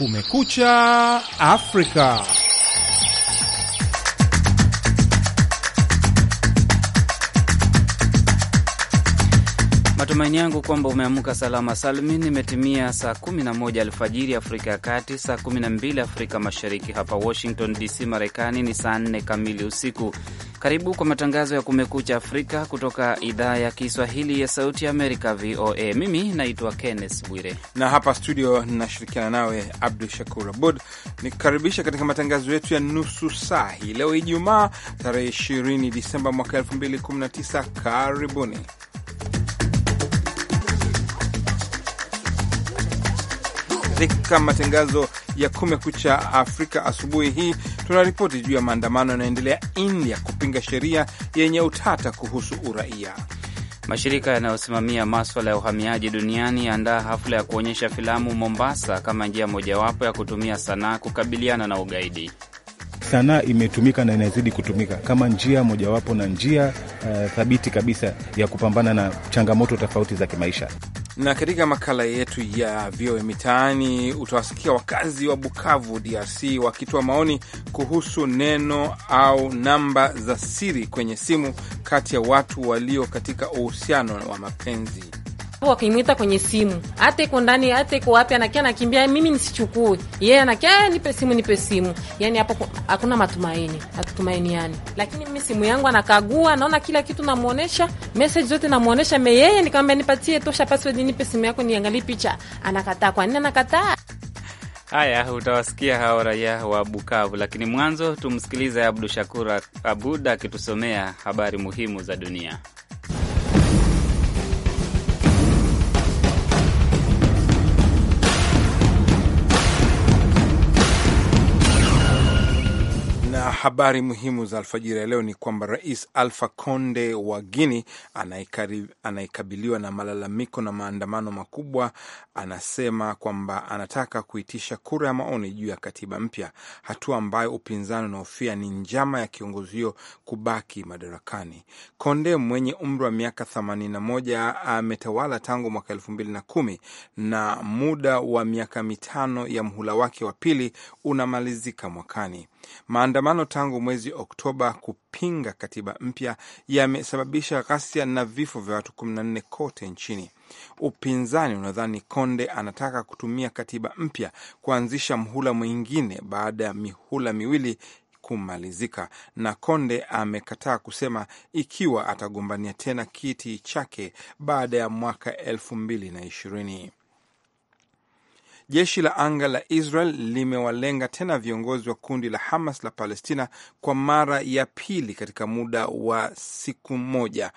Kumekucha Afrika. Matumaini yangu kwamba umeamka salama salmin. Imetimia saa 11 alfajiri Afrika ya Kati, saa 12 Afrika Mashariki. Hapa Washington DC, Marekani ni saa 4 kamili usiku. Karibu kwa matangazo ya Kumekucha Afrika kutoka idhaa ya Kiswahili ya Sauti Amerika, VOA. Mimi naitwa Kenneth Bwire na hapa studio ninashirikiana nawe Abdu Shakur Abud nikukaribisha katika matangazo yetu ya nusu saa hii leo Ijumaa tarehe 20 Disemba mwaka 2019. Karibuni. Katika matangazo ya Kumekucha Afrika asubuhi hii tunaripoti juu ya maandamano yanayoendelea India kupinga sheria yenye utata kuhusu uraia. Mashirika yanayosimamia maswala ya uhamiaji duniani yaandaa hafla ya kuonyesha filamu Mombasa kama njia mojawapo ya kutumia sanaa kukabiliana na ugaidi. Sanaa imetumika na inazidi kutumika kama njia mojawapo na njia uh, thabiti kabisa ya kupambana na changamoto tofauti za kimaisha na katika makala yetu ya VOA Mitaani utawasikia wakazi wa Bukavu, DRC, wakitoa maoni kuhusu neno au namba za siri kwenye simu kati ya watu walio katika uhusiano wa mapenzi wakimwita kwenye simu, hata iko ndani, hata iko wapi, anakia anakimbia, mimi nisichukue, yeye yeah, anakia eh, nipe simu, nipe simu. Yani hapo hakuna matumaini, hatutumaini yani. Lakini mimi simu yangu anakagua, naona kila kitu, namuonesha message zote, namuonesha me yeye, nikamwambia nipatie tosha password, nipe simu yako niangalie picha, anakataa. Kwa nini anakataa? Haya, utawasikia hao raia wa Bukavu, lakini mwanzo tumsikilize Abdu Shakur Abud akitusomea habari muhimu za dunia. Na habari muhimu za alfajiri ya leo ni kwamba Rais Alfa Conde wa Guini anayekabiliwa na malalamiko na maandamano makubwa, anasema kwamba anataka kuitisha kura ya maoni juu ya katiba mpya, hatua ambayo upinzani unaofia ni njama ya kiongozi huyo kubaki madarakani. Konde mwenye umri wa miaka 81 ametawala tangu mwaka 2010 na muda wa miaka mitano ya mhula wake wa pili unamalizika mwakani. Maandamano tangu mwezi Oktoba kupinga katiba mpya yamesababisha ghasia na vifo vya watu 14 kote nchini. Upinzani unadhani Konde anataka kutumia katiba mpya kuanzisha mhula mwingine baada ya mihula miwili kumalizika, na Konde amekataa kusema ikiwa atagombania tena kiti chake baada ya mwaka elfu mbili na ishirini. Jeshi la anga la Israel limewalenga tena viongozi wa kundi la Hamas la Palestina kwa mara ya pili katika muda wa siku moja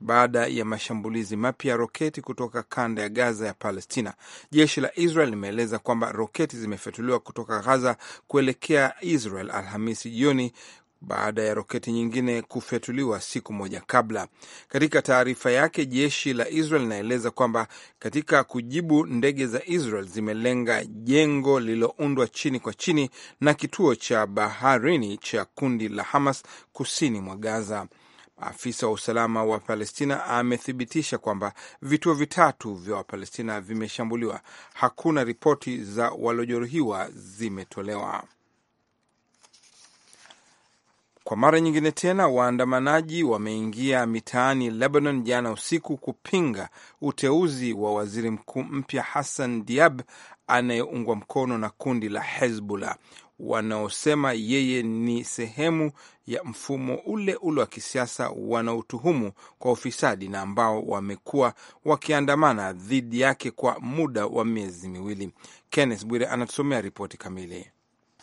baada ya mashambulizi mapya ya roketi kutoka kanda ya Gaza ya Palestina. Jeshi la Israel limeeleza kwamba roketi zimefyatuliwa kutoka Gaza kuelekea Israel Alhamisi jioni baada ya roketi nyingine kufyatuliwa siku moja kabla. Katika taarifa yake, jeshi la Israel linaeleza kwamba katika kujibu, ndege za Israel zimelenga jengo lililoundwa chini kwa chini na kituo cha baharini cha kundi la Hamas kusini mwa Gaza. Afisa wa usalama wa Palestina amethibitisha kwamba vituo vitatu vya Wapalestina vimeshambuliwa. Hakuna ripoti za waliojeruhiwa zimetolewa. Kwa mara nyingine tena waandamanaji wameingia mitaani Lebanon jana usiku kupinga uteuzi wa waziri mkuu mpya Hassan Diab anayeungwa mkono na kundi la Hezbollah wanaosema yeye ni sehemu ya mfumo ule ule wa kisiasa wanaotuhumu kwa ufisadi na ambao wamekuwa wakiandamana dhidi yake kwa muda wa miezi miwili. Kenneth Bwire anatusomea ripoti kamili.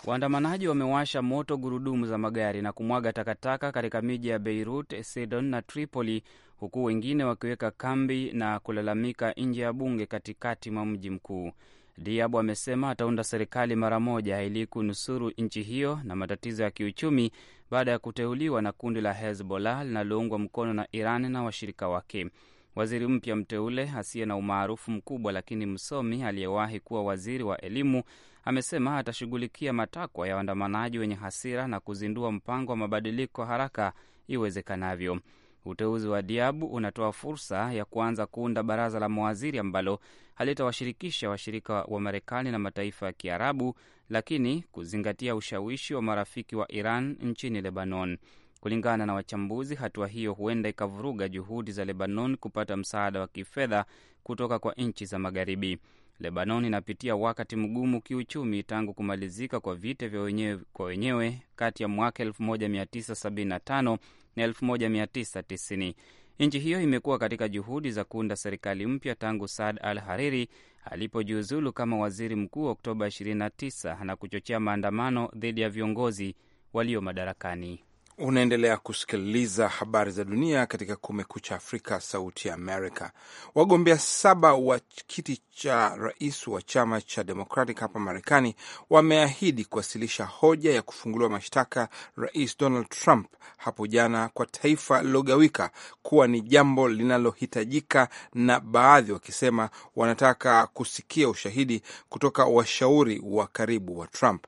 Waandamanaji wamewasha moto gurudumu za magari na kumwaga takataka katika miji ya Beirut, Sidon na Tripoli, huku wengine wakiweka kambi na kulalamika nje ya bunge katikati mwa mji mkuu. Diab amesema ataunda serikali mara moja ili kunusuru nchi hiyo na matatizo ya kiuchumi baada ya kuteuliwa na kundi la Hezbollah linaloungwa mkono na Iran na washirika wake. Waziri mpya mteule asiye na umaarufu mkubwa, lakini msomi aliyewahi kuwa waziri wa elimu amesema atashughulikia matakwa ya waandamanaji wenye hasira na kuzindua mpango wa mabadiliko haraka iwezekanavyo. Uteuzi wa Diabu unatoa fursa ya kuanza kuunda baraza la mawaziri ambalo halitawashirikisha washirika wa Marekani na mataifa ya Kiarabu, lakini kuzingatia ushawishi wa marafiki wa Iran nchini Lebanon. Kulingana na wachambuzi, hatua hiyo huenda ikavuruga juhudi za Lebanon kupata msaada wa kifedha kutoka kwa nchi za Magharibi. Lebanon inapitia wakati mgumu kiuchumi tangu kumalizika kwa vita vya wenyewe kwa wenyewe kati ya mwaka 1975 na 1990. Nchi hiyo imekuwa katika juhudi za kuunda serikali mpya tangu Saad al Hariri alipojiuzulu kama waziri mkuu Oktoba 29 na kuchochea maandamano dhidi ya viongozi walio madarakani. Unaendelea kusikiliza habari za dunia katika Kumekucha Afrika, Sauti ya Amerika. Wagombea saba wa kiti cha rais wa chama cha Democratic hapa Marekani wameahidi kuwasilisha hoja ya kufunguliwa mashtaka Rais Donald Trump hapo jana kwa taifa lilogawika kuwa ni jambo linalohitajika, na baadhi wakisema wanataka kusikia ushahidi kutoka washauri wa karibu wa Trump.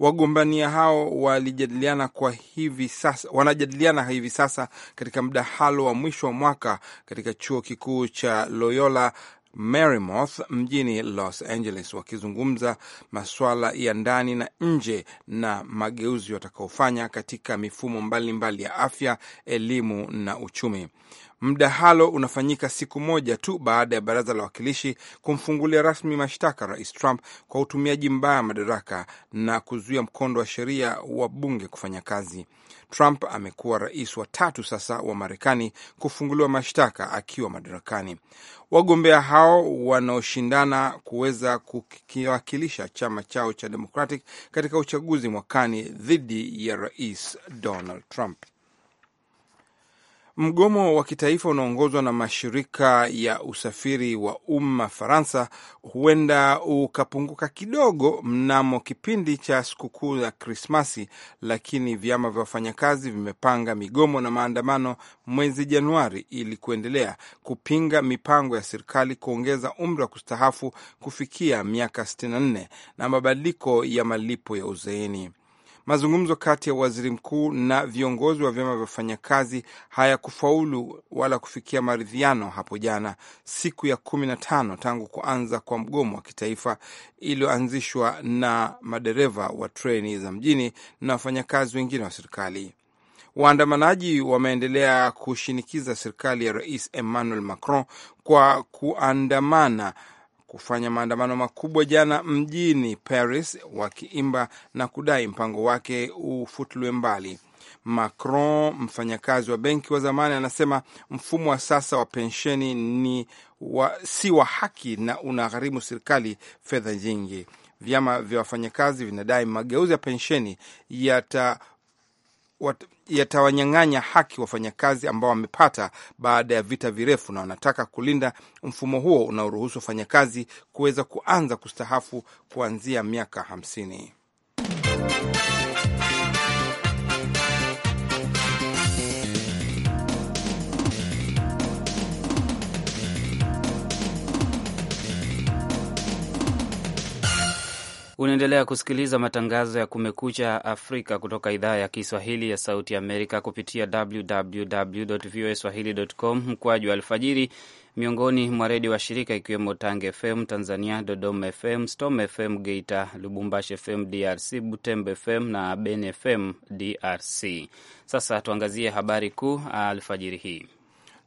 Wagombania hao walijadiliana kwa hivi sasa, wanajadiliana hivi sasa katika mdahalo wa mwisho wa mwaka katika chuo kikuu cha Loyola Marymount mjini Los Angeles, wakizungumza masuala ya ndani na nje na mageuzi watakaofanya katika mifumo mbalimbali mbali ya afya, elimu na uchumi. Mdahalo unafanyika siku moja tu baada ya baraza la wawakilishi kumfungulia rasmi mashtaka Rais Trump kwa utumiaji mbaya madaraka na kuzuia mkondo wa sheria wa bunge kufanya kazi. Trump amekuwa rais wa tatu sasa wa Marekani kufunguliwa mashtaka akiwa madarakani. Wagombea hao wanaoshindana kuweza kukiwakilisha chama chao cha Democratic katika uchaguzi mwakani dhidi ya Rais Donald Trump. Mgomo wa kitaifa unaongozwa na mashirika ya usafiri wa umma Faransa huenda ukapunguka kidogo mnamo kipindi cha sikukuu za Krismasi, lakini vyama vya wafanyakazi vimepanga migomo na maandamano mwezi Januari ili kuendelea kupinga mipango ya serikali kuongeza umri wa kustahafu kufikia miaka 64 na mabadiliko ya malipo ya uzeeni. Mazungumzo kati ya waziri mkuu na viongozi wa vyama vya wafanyakazi hayakufaulu wala kufikia maridhiano hapo jana, siku ya kumi na tano tangu kuanza kwa mgomo wa kitaifa iliyoanzishwa na madereva wa treni za mjini na wafanyakazi wengine wa serikali. Waandamanaji wameendelea kushinikiza serikali ya Rais Emmanuel Macron kwa kuandamana kufanya maandamano makubwa jana mjini Paris wakiimba na kudai mpango wake ufutulwe mbali. Macron, mfanyakazi wa benki wa zamani, anasema mfumo wa sasa wa pensheni ni wa, si wa haki na unagharimu serikali fedha nyingi. Vyama vya wafanyakazi vinadai mageuzi ya pensheni yata yatawanyang'anya haki wafanyakazi ambao wamepata baada ya vita virefu, na wanataka kulinda mfumo huo unaoruhusu wafanyakazi kuweza kuanza kustahafu kuanzia miaka hamsini. Unaendelea kusikiliza matangazo ya Kumekucha Afrika kutoka idhaa ya Kiswahili ya Sauti Amerika kupitia www voa swahilicom mkwaju wa alfajiri, miongoni mwa redio wa shirika ikiwemo Tange FM Tanzania, Dodoma FM, Storm FM Geita, Lubumbashi FM DRC, Butembo FM na Ben FM DRC. Sasa tuangazie habari kuu alfajiri hii.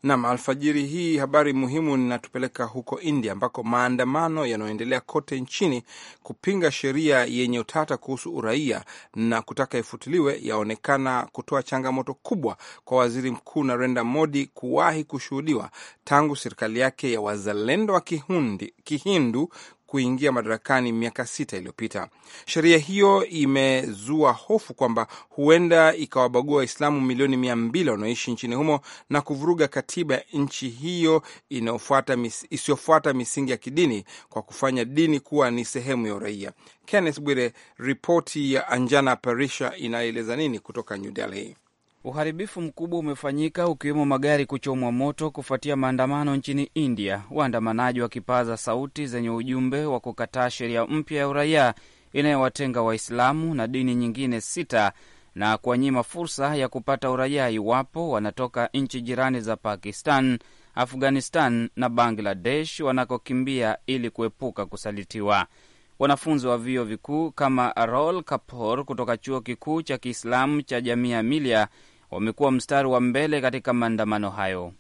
Nam, alfajiri hii habari muhimu inatupeleka huko India ambako maandamano yanayoendelea kote nchini kupinga sheria yenye utata kuhusu uraia na kutaka ifutiliwe yaonekana kutoa changamoto kubwa kwa waziri mkuu Narendra Modi kuwahi kushuhudiwa tangu serikali yake ya wazalendo wa Kihundi, Kihindu kuingia madarakani miaka sita iliyopita. Sheria hiyo imezua hofu kwamba huenda ikawabagua Waislamu milioni mia mbili wanaoishi nchini humo na kuvuruga katiba ya nchi hiyo isiyofuata misingi ya kidini kwa kufanya dini kuwa ni sehemu ya uraia. Kenneth Bwire, ripoti ya Anjana Parisha inaeleza nini kutoka New Delhi? Uharibifu mkubwa umefanyika ukiwemo magari kuchomwa moto kufuatia maandamano nchini India, waandamanaji wakipaza sauti zenye ujumbe wa kukataa sheria mpya ya uraia inayowatenga Waislamu na dini nyingine sita na kuwanyima fursa ya kupata uraia iwapo wanatoka nchi jirani za Pakistan, Afghanistan na Bangladesh wanakokimbia ili kuepuka kusalitiwa. Wanafunzi wa vyuo vikuu kama Arol Kapoor kutoka chuo kikuu cha Kiislamu cha Jamia Millia wamekuwa mstari wa mbele katika maandamano hayo.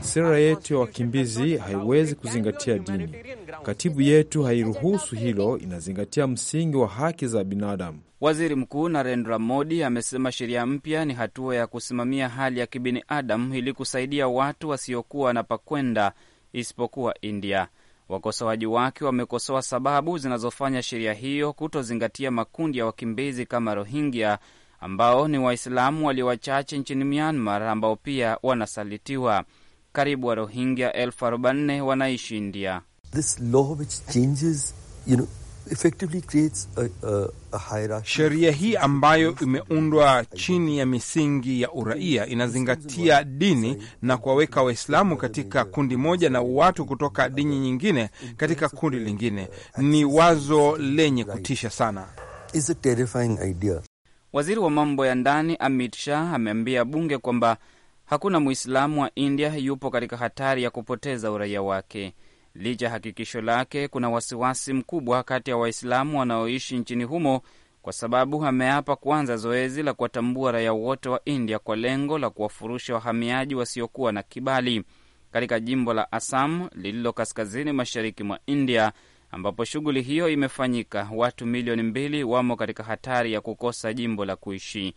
Sera yetu ya wakimbizi haiwezi kuzingatia dini. Katibu yetu hairuhusu hilo, inazingatia msingi wa haki za binadamu. Waziri Mkuu Narendra Modi amesema sheria mpya ni hatua ya kusimamia hali ya kibinadamu ili kusaidia watu wasiokuwa na pakwenda isipokuwa India. Wakosoaji wake wamekosoa sababu zinazofanya sheria hiyo kutozingatia makundi ya wakimbizi kama Rohingya ambao ni Waislamu walio wachache nchini Myanmar ambao pia wanasalitiwa. Karibu wa Rohingya elfu arobaini wanaishi India. This law which changes, you know... Sheria hii ambayo imeundwa chini ya misingi ya uraia inazingatia dini na kuwaweka Waislamu katika kundi moja na watu kutoka dini nyingine katika kundi lingine. Ni wazo lenye kutisha sana. Waziri wa mambo ya ndani Amit Shah ameambia bunge kwamba hakuna mwislamu wa India yupo katika hatari ya kupoteza uraia wake. Licha ya hakikisho lake, kuna wasiwasi mkubwa kati ya Waislamu wanaoishi nchini humo kwa sababu ameapa kuanza zoezi la kuwatambua raia wote wa India kwa lengo la kuwafurusha wahamiaji wasiokuwa na kibali katika jimbo la Assam lililo kaskazini mashariki mwa India ambapo shughuli hiyo imefanyika. Watu milioni mbili wamo katika hatari ya kukosa jimbo la kuishi.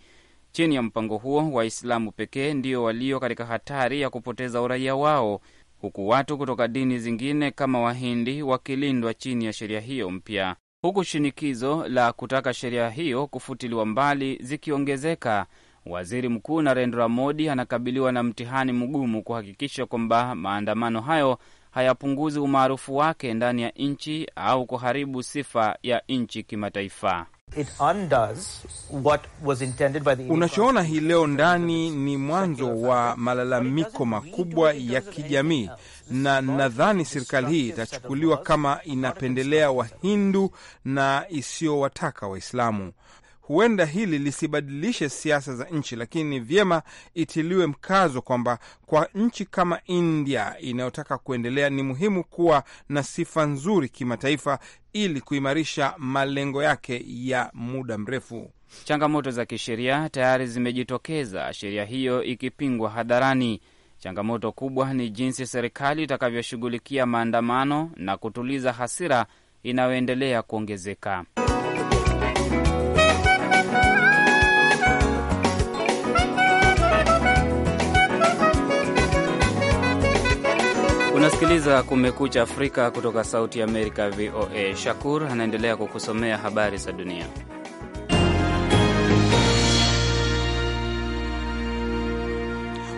Chini ya mpango huo, Waislamu pekee ndio walio katika hatari ya kupoteza uraia wao, huku watu kutoka dini zingine kama Wahindi wakilindwa chini ya sheria hiyo mpya, huku shinikizo la kutaka sheria hiyo kufutiliwa mbali zikiongezeka. Waziri Mkuu Narendra Modi anakabiliwa na mtihani mgumu kuhakikisha kwamba maandamano hayo hayapunguzi umaarufu wake ndani ya nchi au kuharibu sifa ya nchi kimataifa. Unachoona hii leo ndani ni mwanzo wa malalamiko makubwa ya kijamii, na nadhani serikali hii itachukuliwa kama inapendelea Wahindu na isiyowataka Waislamu. Huenda hili lisibadilishe siasa za nchi, lakini ni vyema itiliwe mkazo kwamba kwa nchi kama India inayotaka kuendelea ni muhimu kuwa na sifa nzuri kimataifa ili kuimarisha malengo yake ya muda mrefu. Changamoto za kisheria tayari zimejitokeza, sheria hiyo ikipingwa hadharani. Changamoto kubwa ni jinsi serikali itakavyoshughulikia maandamano na kutuliza hasira inayoendelea kuongezeka. Unasikiliza Kumekucha Afrika kutoka Sauti Amerika, VOA. Shakur anaendelea kukusomea habari za dunia.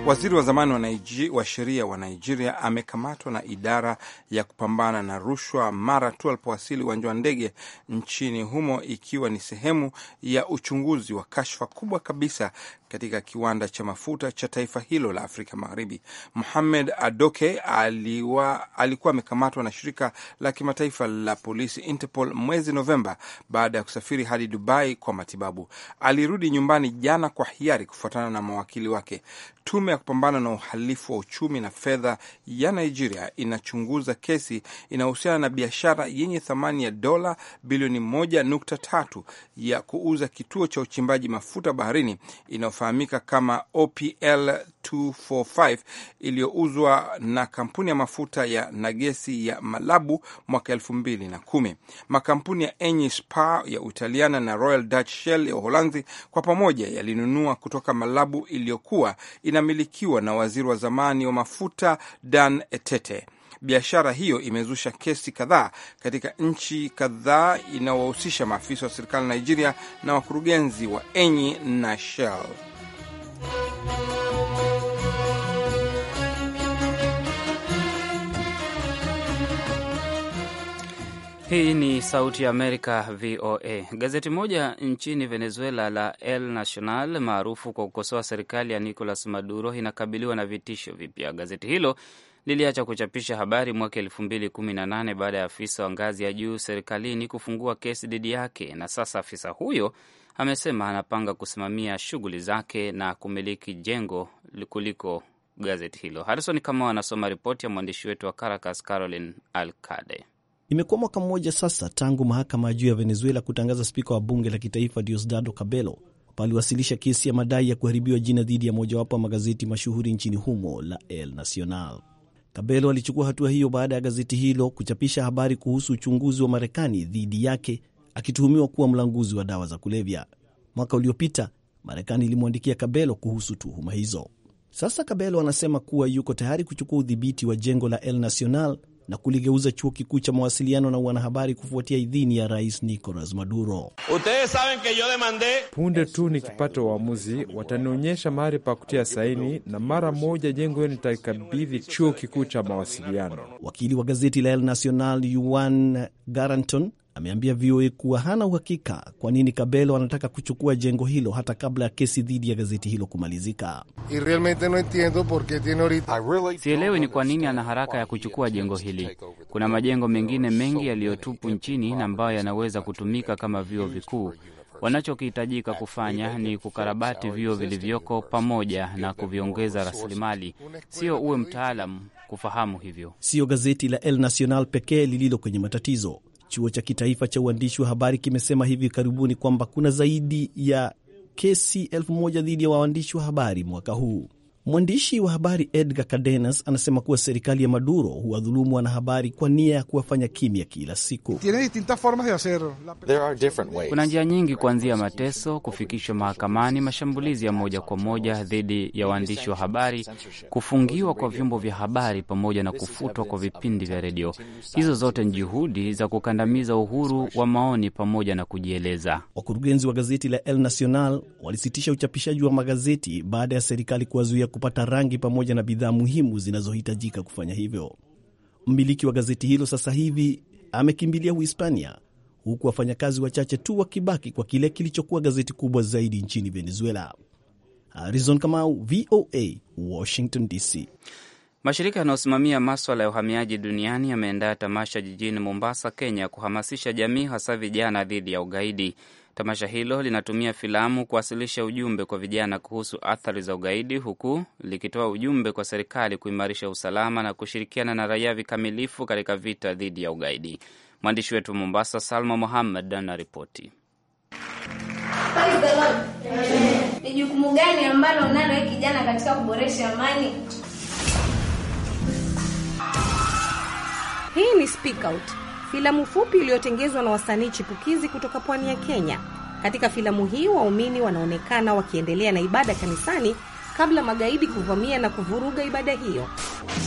Waziri wa zamani wa sheria wa Nigeria amekamatwa na idara ya kupambana na rushwa mara tu alipowasili uwanja wa ndege nchini humo, ikiwa ni sehemu ya uchunguzi wa kashfa kubwa kabisa katika kiwanda cha mafuta cha taifa hilo la Afrika Magharibi. muhamed Adoke aliwa, alikuwa amekamatwa na shirika la kimataifa la polisi Interpol mwezi Novemba baada ya kusafiri hadi Dubai kwa matibabu. Alirudi nyumbani jana kwa hiari kufuatana na mawakili wake. Tume ya kupambana na uhalifu wa uchumi na fedha ya Nigeria inachunguza kesi inayohusiana na biashara yenye thamani ya dola bilioni 1.3 ya kuuza kituo cha uchimbaji mafuta baharini ina inayofahamika kama OPL 245 iliyouzwa na kampuni ya mafuta ya na gesi ya Malabu mwaka elfu mbili na kumi. Makampuni ya Eni Spa ya uitaliana na Royal Dutch Shell ya Uholanzi kwa pamoja yalinunua kutoka Malabu iliyokuwa inamilikiwa na waziri wa zamani wa mafuta Dan Etete. Biashara hiyo imezusha kesi kadhaa katika nchi kadhaa inayowahusisha maafisa wa serikali ya Nigeria na wakurugenzi wa Enyi na Shell. Hii ni Sauti ya Amerika, VOA. Gazeti moja nchini Venezuela la El Nacional maarufu kwa kukosoa serikali ya Nicolas Maduro inakabiliwa na vitisho vipya. Gazeti hilo liliacha kuchapisha habari mwaka elfu mbili kumi na nane baada ya afisa wa ngazi ya juu serikalini kufungua kesi dhidi yake, na sasa afisa huyo amesema anapanga kusimamia shughuli zake na kumiliki jengo kuliko gazeti hilo. Harison Kamau anasoma ripoti ya mwandishi wetu wa Caracas, Caroline Alcade. Imekuwa mwaka mmoja sasa tangu mahakama ya juu ya Venezuela kutangaza spika wa bunge la kitaifa Diosdado Cabello paliwasilisha kesi ya madai ya kuharibiwa jina dhidi ya mojawapo wa magazeti mashuhuri nchini humo la El Nacional. Kabelo alichukua hatua hiyo baada ya gazeti hilo kuchapisha habari kuhusu uchunguzi wa Marekani dhidi yake akituhumiwa kuwa mlanguzi wa dawa za kulevya. Mwaka uliopita Marekani ilimwandikia Kabelo kuhusu tuhuma hizo. Sasa Kabelo anasema kuwa yuko tayari kuchukua udhibiti wa jengo la El Nacional na kuligeuza chuo kikuu cha mawasiliano na wanahabari kufuatia idhini ya rais Nicolas Maduro. Punde tu nikipata uamuzi, watanionyesha mahali pa kutia saini na mara moja jengo hiyo nitaikabidhi chuo kikuu cha mawasiliano. Wakili wa gazeti la El Nacional Juan Garanton ameambia VOA kuwa hana uhakika kwa nini Kabelo anataka kuchukua jengo hilo hata kabla ya kesi dhidi ya gazeti hilo kumalizika. Sielewi ni kwa nini ana haraka ya kuchukua jengo hili. Kuna majengo mengine mengi yaliyotupu nchini na ambayo yanaweza kutumika kama vyuo vikuu. Wanachokihitajika kufanya ni kukarabati vyuo vilivyoko pamoja na kuviongeza rasilimali, sio uwe mtaalam kufahamu hivyo. sio gazeti la El Nacional pekee lililo kwenye matatizo. Chuo cha kitaifa cha uandishi wa habari kimesema hivi karibuni kwamba kuna zaidi ya kesi elfu moja dhidi ya waandishi wa habari mwaka huu. Mwandishi wa habari Edgar Cadenas anasema kuwa serikali ya Maduro huwadhulumu wanahabari kwa nia ya kuwafanya kimya kila siku. Kuna njia nyingi, kuanzia mateso, kufikishwa mahakamani, mashambulizi ya moja kwa moja dhidi ya waandishi wa habari, kufungiwa kwa vyombo vya habari, pamoja na kufutwa kwa vipindi vya redio. Hizo zote ni juhudi za kukandamiza uhuru wa maoni pamoja na kujieleza. Wakurugenzi wa gazeti la El Nacional walisitisha uchapishaji wa magazeti baada ya serikali kuwazuia kupata rangi pamoja na bidhaa muhimu zinazohitajika kufanya hivyo. Mmiliki wa gazeti hilo sasa hivi amekimbilia Uhispania, huku wafanyakazi wachache tu wakibaki kwa kile kilichokuwa gazeti kubwa zaidi nchini Venezuela. Harrison Kamau, VOA, Washington DC. Mashirika yanayosimamia maswala ya uhamiaji duniani yameendaa tamasha jijini Mombasa, Kenya, kuhamasisha jamii hasa vijana dhidi ya ugaidi. Tamasha hilo linatumia filamu kuwasilisha ujumbe kwa vijana kuhusu athari za ugaidi, huku likitoa ujumbe kwa serikali kuimarisha usalama na kushirikiana na raia vikamilifu katika vita dhidi ya ugaidi. Mwandishi wetu Mombasa, Salma Mohammed, anaripoti. Ni jukumu gani ambalo unalo kijana katika kuboresha amani? Hii ni Speak Out filamu fupi iliyotengezwa na wasanii chipukizi kutoka pwani ya Kenya. Katika filamu hii waumini wanaonekana wakiendelea na ibada kanisani kabla magaidi kuvamia na kuvuruga ibada hiyo.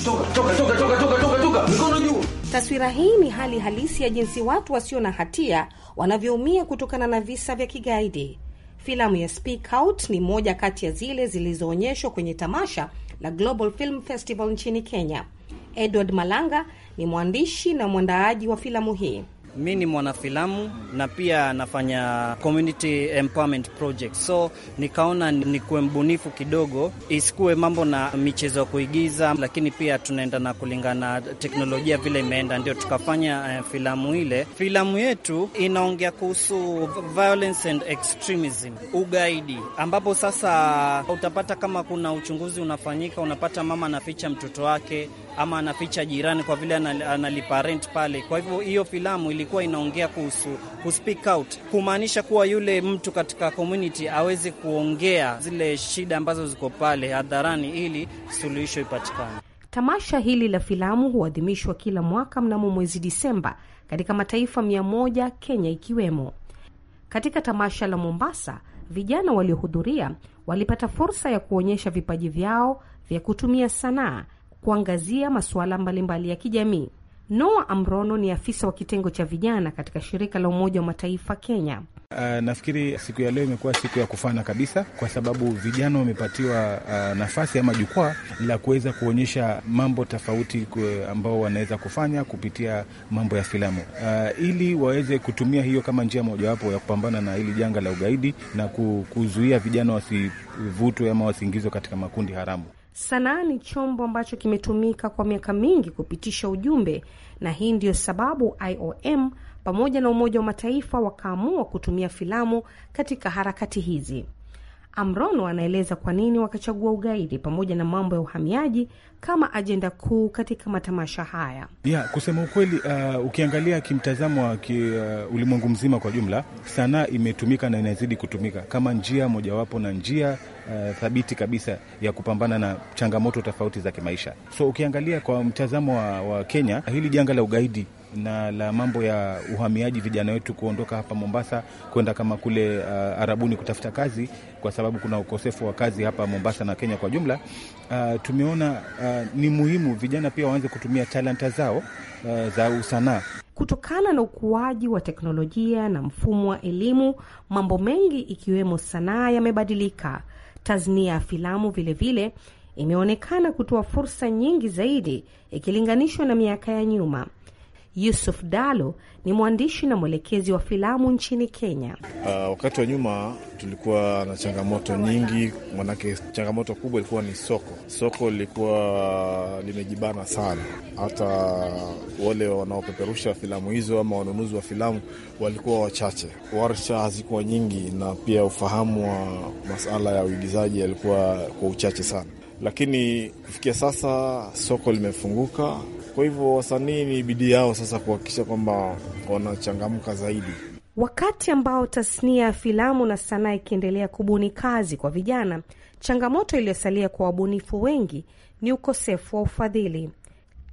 Toka, toka, toka, toka, toka, toka, toka. Mikono juu. Taswira hii ni hali halisi ya jinsi watu wasio na hatia wanavyoumia kutokana na visa vya kigaidi. Filamu ya Speak Out ni moja kati ya zile zilizoonyeshwa kwenye tamasha la Global Film Festival nchini Kenya. Edward Malanga ni mwandishi na mwandaaji wa filamu hii. Mi ni mwanafilamu na pia nafanya community empowerment project, so nikaona nikuwe mbunifu kidogo, isikuwe mambo na michezo ya kuigiza, lakini pia tunaenda na kulingana teknolojia vile imeenda, ndio tukafanya uh, filamu ile. Filamu yetu inaongea kuhusu violence and extremism, ugaidi, ambapo sasa utapata kama kuna uchunguzi unafanyika, unapata mama anaficha mtoto wake ama anaficha jirani kwa vile analipa rent pale. Kwa hivyo hiyo filamu ilikuwa inaongea kuhusu ku speak out, kumaanisha kuwa yule mtu katika community aweze kuongea zile shida ambazo ziko pale hadharani ili suluhisho ipatikane. Tamasha hili la filamu huadhimishwa kila mwaka mnamo mwezi Disemba katika mataifa mia moja Kenya ikiwemo. Katika tamasha la Mombasa, vijana waliohudhuria walipata fursa ya kuonyesha vipaji vyao vya kutumia sanaa kuangazia masuala mbalimbali ya kijamii noa Amrono ni afisa wa kitengo cha vijana katika shirika la Umoja wa Mataifa Kenya. Uh, nafikiri siku ya leo imekuwa siku ya kufana kabisa, kwa sababu vijana wamepatiwa uh, nafasi ama jukwaa la kuweza kuonyesha mambo tofauti ambao wanaweza kufanya kupitia mambo ya filamu uh, ili waweze kutumia hiyo kama njia mojawapo ya kupambana na hili janga la ugaidi na kuzuia vijana wasivutwe ama wasiingizwe katika makundi haramu. Sanaa ni chombo ambacho kimetumika kwa miaka mingi kupitisha ujumbe, na hii ndiyo sababu IOM pamoja na Umoja wa Mataifa wakaamua kutumia filamu katika harakati hizi. Amrono anaeleza kwa nini wakachagua ugaidi pamoja na mambo ya uhamiaji kama ajenda kuu katika matamasha haya. Ya, kusema ukweli, uh, ukiangalia kimtazamo wa ki, uh, ulimwengu mzima kwa jumla, sanaa imetumika na inazidi kutumika kama njia mojawapo na njia uh, thabiti kabisa ya kupambana na changamoto tofauti za kimaisha. So ukiangalia kwa mtazamo wa, wa Kenya, hili janga la ugaidi na la mambo ya uhamiaji, vijana wetu kuondoka hapa Mombasa kwenda kama kule uh, Arabuni kutafuta kazi, kwa sababu kuna ukosefu wa kazi hapa Mombasa na Kenya kwa jumla. Uh, tumeona uh, ni muhimu vijana pia waanze kutumia talanta zao uh, za usanaa. Kutokana na ukuaji wa teknolojia na mfumo wa elimu, mambo mengi ikiwemo sanaa yamebadilika. Tasnia ya filamu vilevile vile, imeonekana kutoa fursa nyingi zaidi ikilinganishwa na miaka ya nyuma. Yusuf Dalo ni mwandishi na mwelekezi wa filamu nchini Kenya. Uh, wakati wa nyuma tulikuwa na changamoto nyingi, manake changamoto kubwa ilikuwa ni soko. Soko lilikuwa limejibana sana, hata wale wanaopeperusha filamu hizo ama wanunuzi wa filamu walikuwa wachache, warsha hazikuwa nyingi, na pia ufahamu wa masala ya uigizaji yalikuwa kwa uchache sana, lakini kufikia sasa soko limefunguka kwa hivyo wasanii ni bidii yao sasa kuhakikisha kwamba wanachangamka zaidi. Wakati ambao tasnia ya filamu na sanaa ikiendelea kubuni kazi kwa vijana, changamoto iliyosalia kwa wabunifu wengi ni ukosefu wa ufadhili.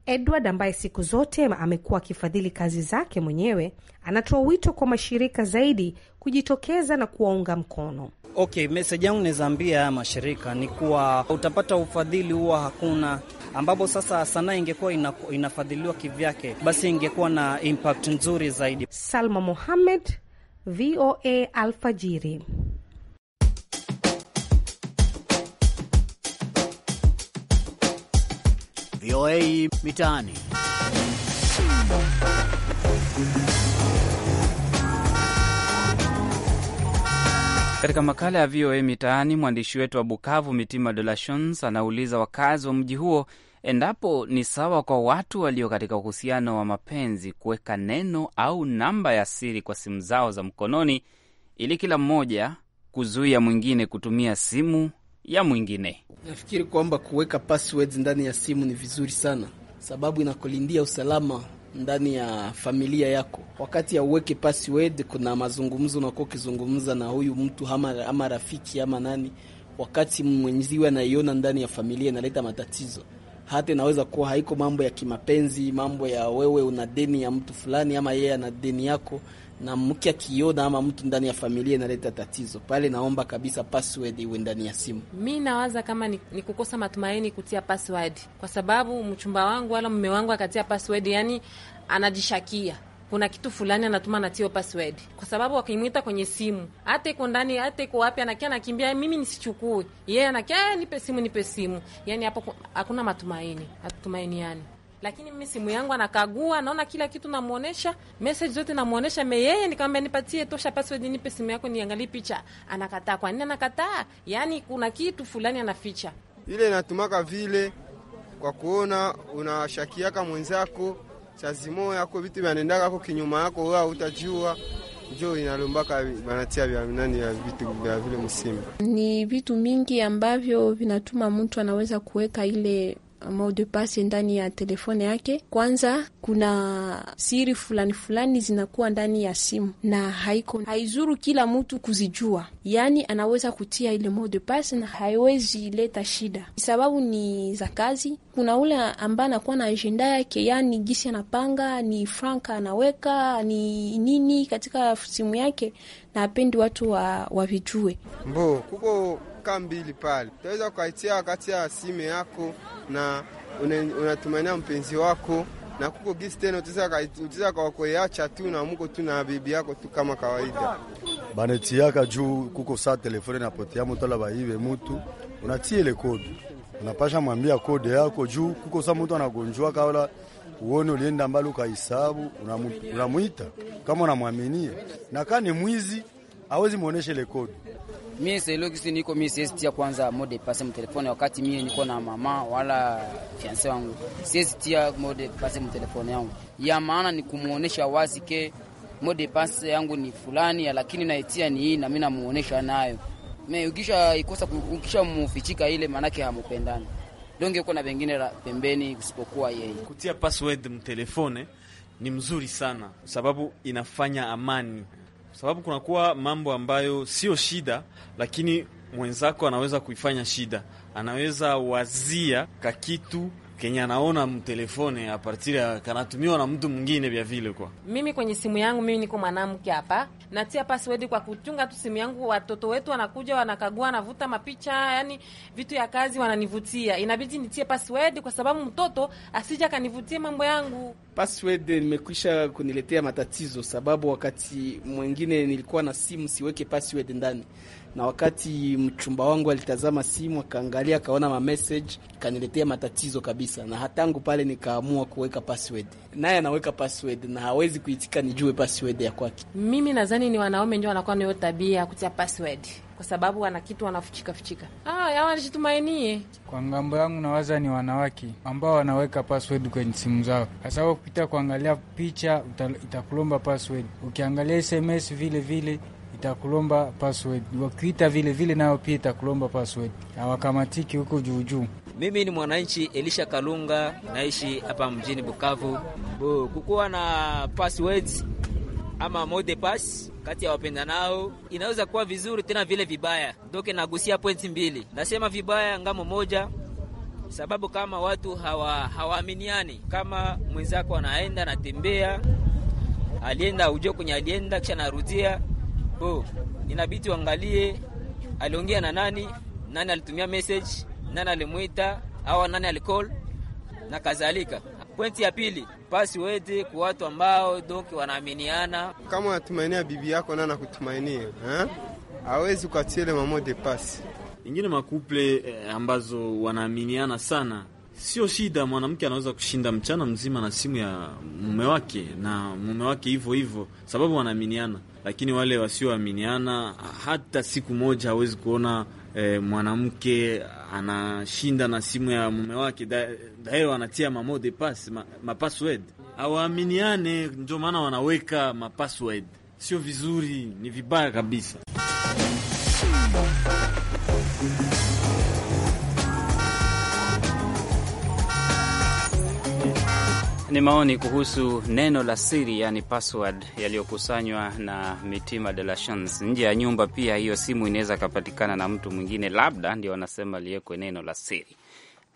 Edward ambaye siku zote amekuwa akifadhili kazi zake mwenyewe, anatoa wito kwa mashirika zaidi kujitokeza na kuwaunga mkono. Okay, meseji yangu nizaambia haya mashirika ni kuwa utapata ufadhili huwa hakuna, ambapo sasa sanaa ingekuwa ina, inafadhiliwa kivyake, basi ingekuwa na impact nzuri zaidi. Salma Mohamed, VOA Alfajiri. VOA Mitaani. Katika makala ya VOA Mitaani, mwandishi wetu wa Bukavu, Mitima De La anauliza wakazi wa mji huo endapo ni sawa kwa watu walio katika uhusiano wa mapenzi kuweka neno au namba ya siri kwa simu zao za mkononi ili kila mmoja kuzuia mwingine kutumia simu ya mwingine. Nafikiri kwamba kuweka passwords ndani ya simu ni vizuri sana, sababu inakulindia usalama ndani ya familia yako, wakati ya uweke password, kuna mazungumzo unakuwa ukizungumza na huyu mtu ama, ama rafiki ama nani, wakati mwenziwe anaiona ndani ya familia inaleta matatizo hata inaweza kuwa haiko mambo ya kimapenzi, mambo ya wewe una deni ya mtu fulani ama yeye ana deni yako, na mke akiona ama mtu ndani ya familia inaleta tatizo pale, naomba kabisa password iwe ndani ya simu. Mi nawaza kama ni, ni kukosa matumaini kutia password, kwa sababu mchumba wangu wala mume wangu akatia password, yani anajishakia kuna kitu fulani anatuma natio password, kwa sababu wakimwita kwenye simu, hata iko ndani, hata iko wapi, anakia nakimbia, mimi nisichukue, yeye yeah, anakia eh, nipe simu, nipe simu. Yani hapo hakuna matumaini, hatutumainiani lakini mimi simu yangu anakagua, naona kila kitu, namuonesha message zote, namuonesha me yeye, nikamwambia nipatie tosha password, nipe simu yako niangalie picha. Anakataa. Kwa nini anakataa? Yani kuna kitu fulani anaficha. Ile inatumaka vile kwa kuona unashakiaka mwenzako chazimo yako vitu vyanendakako kinyuma yako, wewe utajua njo inalombaka banatia vya nani ya vitu vya vile msimu. Ni vitu mingi ambavyo vinatuma mtu anaweza kuweka ile mot de passe ndani ya telefone yake. Kwanza kuna siri fulani fulani zinakuwa ndani ya simu na haiko haizuru kila mtu kuzijua, yaani anaweza kutia ile mot de passe na haiwezi leta shida, sababu ni za kazi. Kuna ule ambaye anakuwa na ajenda yake, yaani gisi anapanga ni franka anaweka ni nini katika simu yake, na apendi watu wavijue wa mbo kuko miaka mbili pale, utaweza ukaitia wakati ya sime yako na unatumania una mpenzi wako na kuko gisi tena utaweza kawakoeacha tu na muko tu na bibi yako tu kama kawaida, banetiaka juu kuko saa telefone potea mutu ala baibe mutu, unatie ile kodi unapasha mwambia kodi yako juu kuko saa mutu anagonjua kawala uone ulienda mbali ukahisabu, unamwita kama unamwaminia, na kaa ni mwizi awezi muoneshe ile kodi mimi selo kisi niko mimi siwezi tia kwanza mode pase mtelefone, wakati mie niko na mama wala fiance wangu, siwezi tia mode pase mtelefone yangu. Ya maana ni kumuonesha wazi ke mode pase yangu ni fulani, lakini naitia ni hii na mimi namuonesha nayo. me ukisha ikosa ukisha mufichika ile, manake hamupendani. Donge uko na bengine pembeni usipokuwa yeye. Kutia password mtelefone ni mzuri sana sababu inafanya amani sababu kunakuwa mambo ambayo sio shida, lakini mwenzako anaweza kuifanya shida, anaweza wazia kakitu kenye anaona mtelefone a partir ya kanatumiwa na mtu mwingine vya vile. Kwa mimi kwenye simu yangu, mimi niko mwanamke hapa, natia password kwa kuchunga tu simu yangu. Watoto wetu wanakuja wanakagua, wanavuta mapicha, yani vitu ya kazi wananivutia, inabidi nitie password kwa sababu mtoto asija kanivutie mambo yangu. Password nimekwisha kuniletea matatizo, sababu wakati mwingine nilikuwa na simu siweke password ndani na wakati mchumba wangu alitazama simu akaangalia, akaona ma message, kaniletea matatizo kabisa, na hatangu pale nikaamua kuweka password, naye anaweka password na hawezi kuitika nijue password ya kwake. Mimi nadhani ni wanaume ndio wanakuwa nayo tabia ya kutia password kwa sababu wana kitu wanafuchika fuchika. Ah, ya nishitumainie. Kwa ngambo yangu nawaza ni wanawake ambao wanaweka password kwenye simu zao, kwa sababu kupita kuangalia picha itakulomba password, ukiangalia SMS vile vile itakulomba password, wakiita vile vile nao pia itakulomba password, hawakamatiki huko juu juu. Mimi ni mwananchi Elisha Kalunga, naishi hapa mjini Bukavu. Kukuwa na passwords ama mode pass kati ya wapenda nao inaweza kuwa vizuri tena vile vibaya. Doke nagusia pointi mbili, nasema vibaya ngamo moja sababu kama watu hawa hawaaminiani, kama mwenzako anaenda anatembea, alienda ujue kwenye alienda kisha narudia Bo inabidi uangalie aliongea na nani, nani alitumia message, nani alimwita au nani alicall na kadhalika. Pointi ya pili, pasi wete kwa watu ambao donki wanaaminiana. Kama unatumainia bibi yako na nakutumainia eh, hawezi kuachia ile mamo de pasi ingine. Makuple eh, ambazo wanaaminiana sana, sio shida. Mwanamke anaweza kushinda mchana mzima na simu ya mume wake na mume wake hivyo hivyo, sababu wanaaminiana lakini wale wasioaminiana hata siku moja hawezi kuona e, mwanamke anashinda na simu ya mume wake daeo, anatia mamo de pass ma, awaaminiane, ndio maana wanaweka mapassword. Sio vizuri, ni vibaya kabisa. Ni maoni kuhusu neno la siri, yani password, yaliyokusanywa na Mitima de la Chance nje ya nyumba. Pia hiyo simu inaweza kapatikana na mtu mwingine, labda ndio anasema liwekwe neno la siri.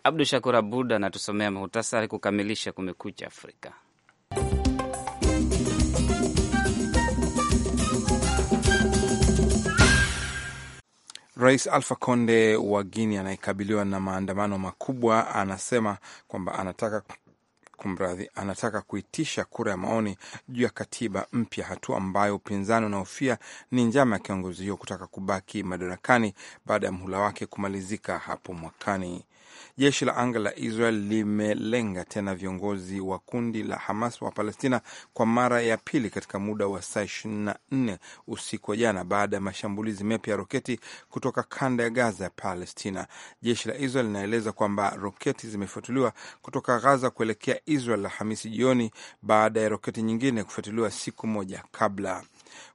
Abdu Shakur Abud anatusomea muhtasari kukamilisha Kumekucha Afrika. Rais Alfa Conde wa Guinea anayekabiliwa na maandamano makubwa anasema kwamba anataka kumradhi, anataka kuitisha kura ya maoni juu ya katiba mpya, hatua ambayo upinzani unaofia ni njama ya kiongozi huyo kutaka kubaki madarakani baada ya mhula wake kumalizika hapo mwakani. Jeshi la anga la Israel limelenga tena viongozi wa kundi la Hamas wa Palestina kwa mara ya pili katika muda wa saa 24 usiku wa jana, baada ya mashambulizi mapya ya roketi kutoka kanda ya Gaza ya Palestina. Jeshi la Israel linaeleza kwamba roketi zimefuatuliwa kutoka Gaza kuelekea Israel Alhamisi jioni baada ya roketi nyingine kufuatiliwa siku moja kabla.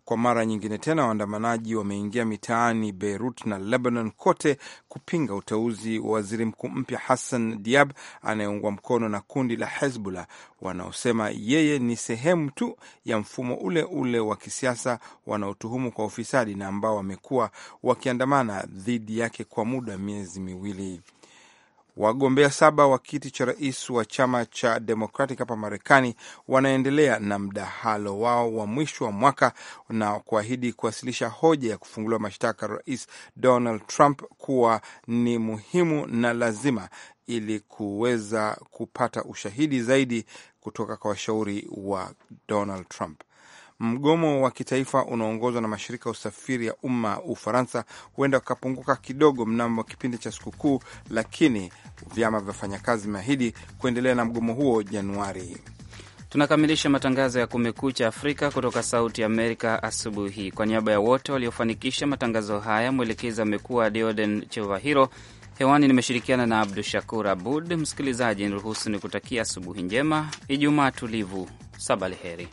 Kwa mara nyingine tena waandamanaji wameingia mitaani Beirut na Lebanon kote kupinga uteuzi wa waziri mkuu mpya Hassan Diab anayeungwa mkono na kundi la Hezbollah wanaosema yeye ni sehemu tu ya mfumo ule ule wa kisiasa wanaotuhumu kwa ufisadi na ambao wamekuwa wakiandamana dhidi yake kwa muda miezi miwili. Wagombea saba wa kiti cha rais wa chama cha Democratic hapa Marekani wanaendelea na mdahalo wao wa mwisho wa mwaka na kuahidi kuwasilisha hoja ya kufunguliwa mashtaka Rais Donald Trump kuwa ni muhimu na lazima ili kuweza kupata ushahidi zaidi kutoka kwa washauri wa Donald Trump. Mgomo wa kitaifa unaongozwa na mashirika ya usafiri ya umma Ufaransa huenda ukapunguka kidogo mnamo kipindi cha sikukuu, lakini Vyama vya wafanyakazi vimeahidi kuendelea na mgomo huo Januari. Tunakamilisha matangazo ya Kumekucha Afrika kutoka Sauti Amerika asubuhi hii. Kwa niaba ya wote waliofanikisha matangazo haya, mwelekezi amekuwa Deoden Chevahiro. Hewani nimeshirikiana na Abdu Shakur Abud. Msikilizaji, niruhusu ni kutakia asubuhi njema, Ijumaa tulivu, sabalheri.